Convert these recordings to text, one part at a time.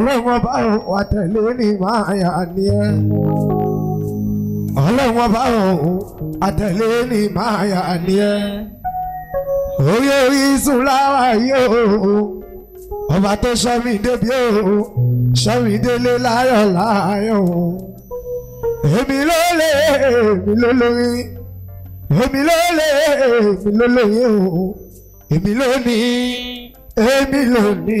ọlọ́run ọba ò wà tẹ̀lé ní máa yà ni ẹ́ ọlọ́run ọba ò àtẹ̀lé ní máa yà ni ẹ́ oyè orísun lára yóò ọba tó sọ mí débi ó sọ délé láyọ̀ láyọ̀ èmi ló lè èmi ló lórí èmi ló lè èmi ló lórí o èmi ló ní èmi ló ní.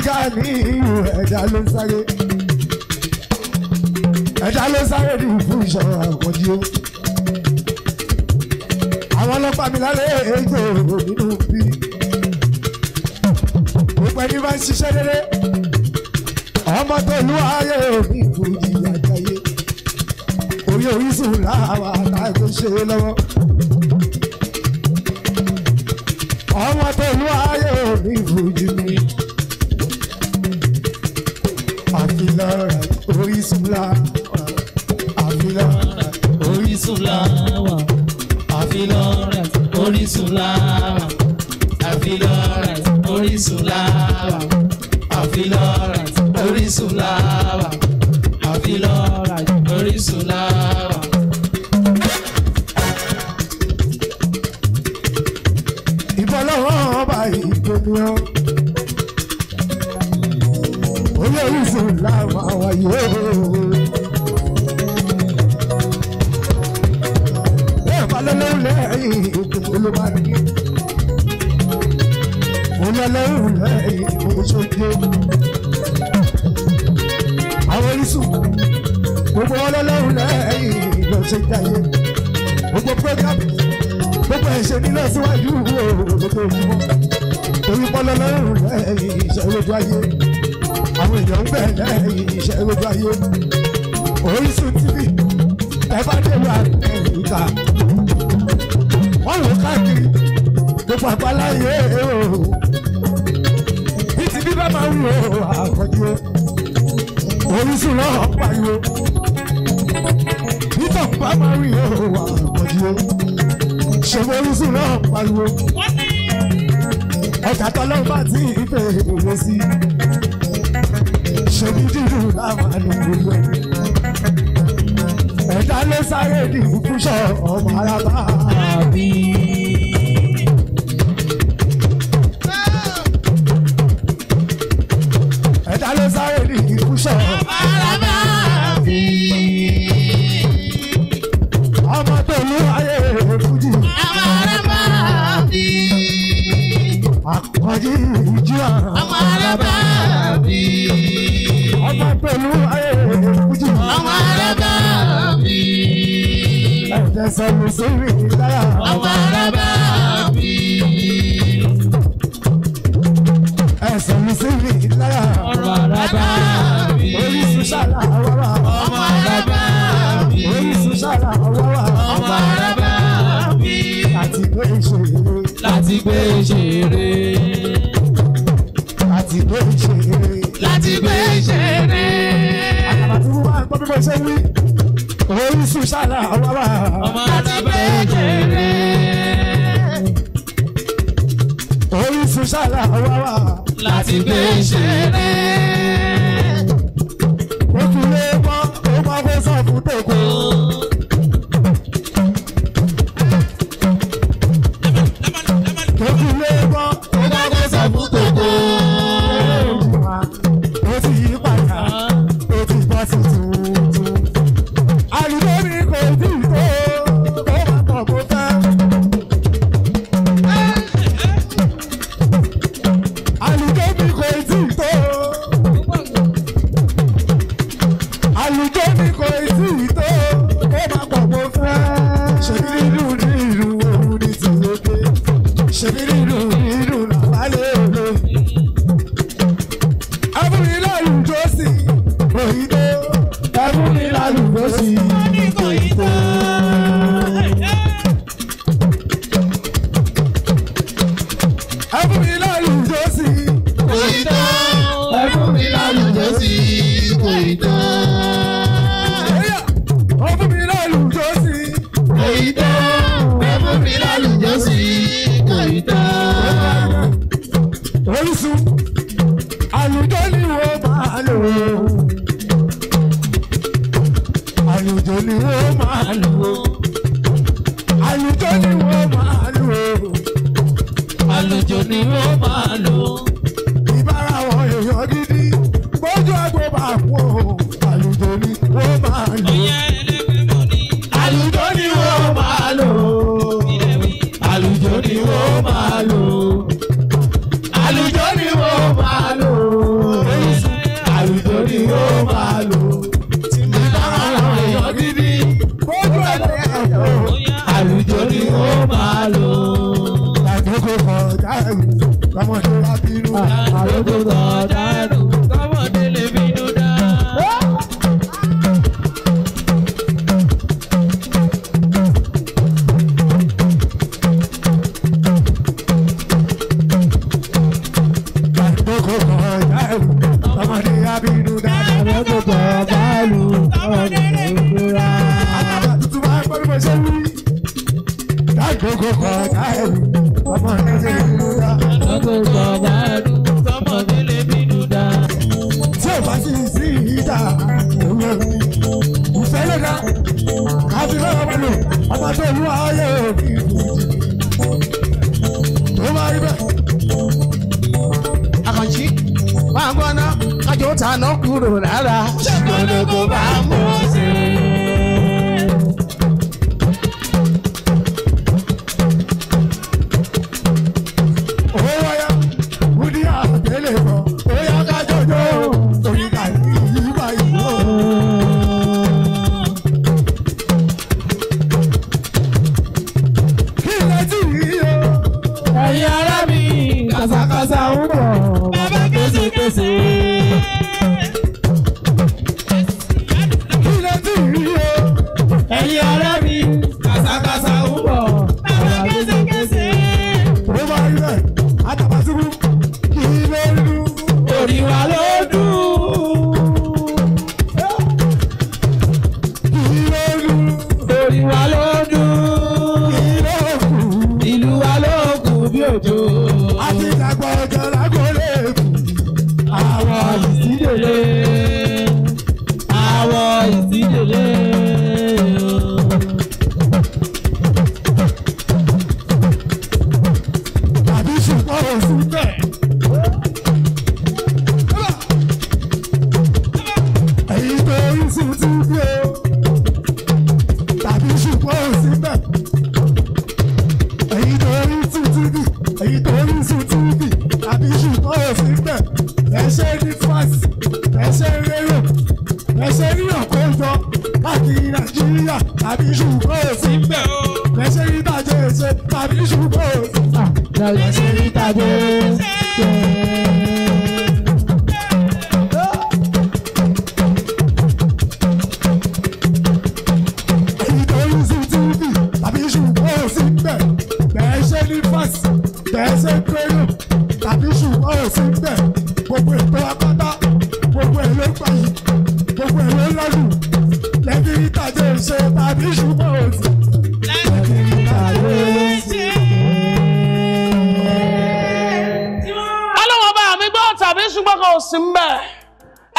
tìjà ní ìhù ẹ̀dá ló ń sáré ẹ̀dá ló ń sáré ní fún ìṣòro àkọ́jú ó. àwọn ọlọ́pàá mi lálẹ́ èjò nínú bí. gbogbo ẹni bá ń ṣiṣẹ́ dédé ọmọ tó lú ayé mi kò jìyà jayé orí Orísun làwọn àtàkùn ṣe lọ́wọ́ ọmọ tó lú ayé mi kò jìyà. la, àfilà orísun làwà àfilà rẹ la, làwà àfilà rẹ la, làwà àfilà rẹ orísun làwà àfilà rẹ la, làwà. ìbọn lọ́wọ́ ọba ìgbẹ́ni ọ́ ayé Orísun làwọn àwàyè ooo. bẹ́ẹ̀ bá lọ́lọ́run lẹ́yìn òkè ló bá rí. mo lọ́lọ́run lẹ́yìn òkè sókè. àwọn Orísun gbogbo ọlọ́lọ́run àwọn èèyàn ń bẹ̀ lẹ́yìn iṣẹ́ gbogbo ayé Orísun TV ẹ bá dé ta wọ́n lọ káàkiri gbogbo àgbáláyé o ní bíbá máa ń wo àkọ́jú Orísun lọ́ọ̀ pariwo nítorí bá máa ń wo àkọ́jú ṣe Orísun lọ́ọ̀ pariwo ọjà tọ́lọ́ bá ti ń pè é sí i ṣèdídìrú làwọn àdúgbò ẹ̀dá ló sáré dìbò fún ṣọ́ ọmọ arábá. sẹ́nu sórí ìdáyà. ọmọ arábà bí. ẹsẹ̀ mi síbi ìdáyà. ọmọ arábà bí. orísun ṣàlà wọ́wọ́. ọmọ arábà bí. orísun ṣàlà wọ́wọ́. ọmọ arábà bí. láti gbé ìṣeré. láti gbé ìṣeré. láti gbé ìṣeré. láti gbé ìṣeré. àkàbà tí wọ́n wá ṣe wí orísun sára wàrà. ọmọ alábẹ́ jèrè. orísun sára wàrà. láti gbé ṣeré. àlùjò ni wọ́n máa lò. àlùjọ ni ọmọ tó lù ayé òbí tó máa rí bẹ́ẹ̀. àkànjí máa gbọ́ná kájọ tàná kúrò rárá ṣùgbọ́n ló kó bá mú un. ṣùgbọ́n kan ò sí mbẹ́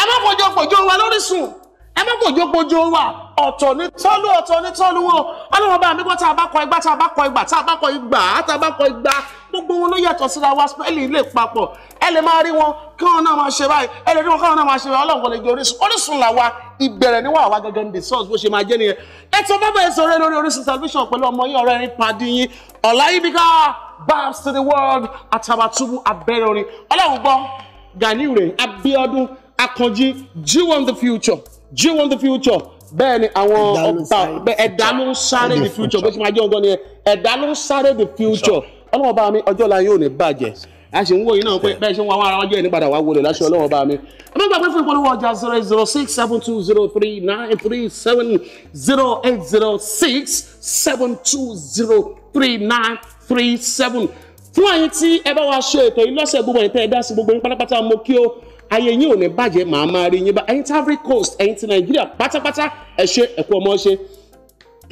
ẹ má pòjó pòjó wa lóríṣun ẹ má pòjó pòjó wa ọ̀tọ̀ ní tọ́lú ọ̀tọ̀ ní tọ́lú wọn ọlọ́run bá mi kọ́ tá a bá kọ igba tá a bá kọ igba tá a bá kọ igba tá a bá kọ igba gbogbo wọn ló yàtọ̀ síra wa spẹ́lì lè papọ̀ ẹ lè máa rí wọn kí wọn náà máa ṣe báyìí ẹ lè rí wọn kí wọn náà máa ṣe báyìí ọlọ́run kò lè jẹ orísun orísun là wa ìbẹ̀rẹ̀ níwà wa gangan the source bó ṣe máa jẹ́ nìyẹn ètò bábà èso rẹ lórí orísun television pẹ̀lú ọmọ yìí ọ̀rẹ́ yín padì yín Ọláyíbíkà babs to the world Àtàbàtúbú abẹ́rẹ́ orin ọlọ́run gbọ́ Ganiu rè Abiodun Akanji You want the future You want the future bẹ́ẹ̀ ni àwọn ọba ẹ̀dá ló ń sáré the future bó ṣe máa jẹ́ ọgbọ́n ni ẹ̀dá ló ń sáré the future ọlọ́wọ́ bá mi ọjọ́ la yóò ní bàjẹ́ a sì ń wòye náà pé bẹ́ẹ̀ ṣe ń wá ara ọjọ́ ìnípadà wá wọlé láṣọ ọlọ́wọ́ bá mi. ẹgbẹ́ gbàgbé fún ìpolówó ọjà zero eight zero six seven two zero three nine three seven zero eight zero six seven two zero three nine three seven fún àyín tí ẹ bá wa ṣe ètò yìí lọ́sẹ̀ gbogbo ẹ̀yin tẹ́ ẹ dá sí gbogbo yín pátápátá mo kí o ayé yín ò ní bàjẹ́ màá máa rí yín bá ẹ̀yin tí Ivory Coast ẹ̀yin tí Nàìjíríà pátápátá ẹ ṣé ẹ̀kú ọmọ ṣe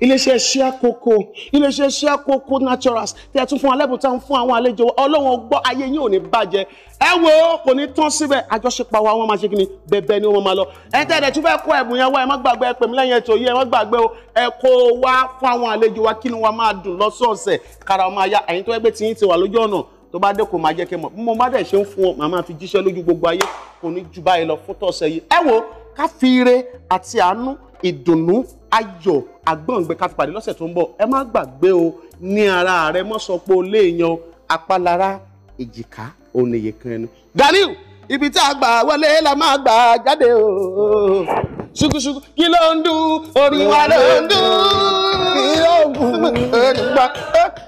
iléeṣẹ́ ṣíàkókó iléeṣẹ́ ṣíàkókó naturals tí a tún fún alẹ́bùn tá à ń fún àwọn àlejò wa ọlọ́wọ́n gbọ́ ayé yín ò ní bàjẹ́ ẹ wo kò ní tán síbẹ̀ àjọṣepọ̀ wa wọ́n máa ṣe kí ni bẹ́ẹ̀bẹ́ ni wọ́n máa lọ ẹ tẹ́lẹ̀ tún fẹ́ kó ẹ̀bùn yẹn wá ẹ má gbàgbé ẹ pè mí lẹ́yìn ètò yìí ẹ má gbàgbé o ẹ kó wá fún àwọn àlejò wa kí ni wọ́n tó bá dé máa jẹ́ kí ẹ mọ̀ mo má dẹ̀ ṣe ń fún ọ màmá fi jíṣẹ́ lójú gbogbo ayé kò ní jù báyìí lọ fún tọ̀sẹ̀ yìí ẹ wo ká àti àánú ìdùnnú ayọ̀ àgbọ̀ǹgbẹ ká fi pàdé lọ́sẹ̀ tó ń bọ̀ ẹ má gbàgbé o ní ara rẹ mọ́ sọ pé o lè yan apálára èjìká oníye kan ẹnu. Ganiu ibi tí a gbà wọlé la máa gbà jáde o ṣukuṣuku kí ló ń dún orin wa ló ń dún kí ló ń dún orin wa.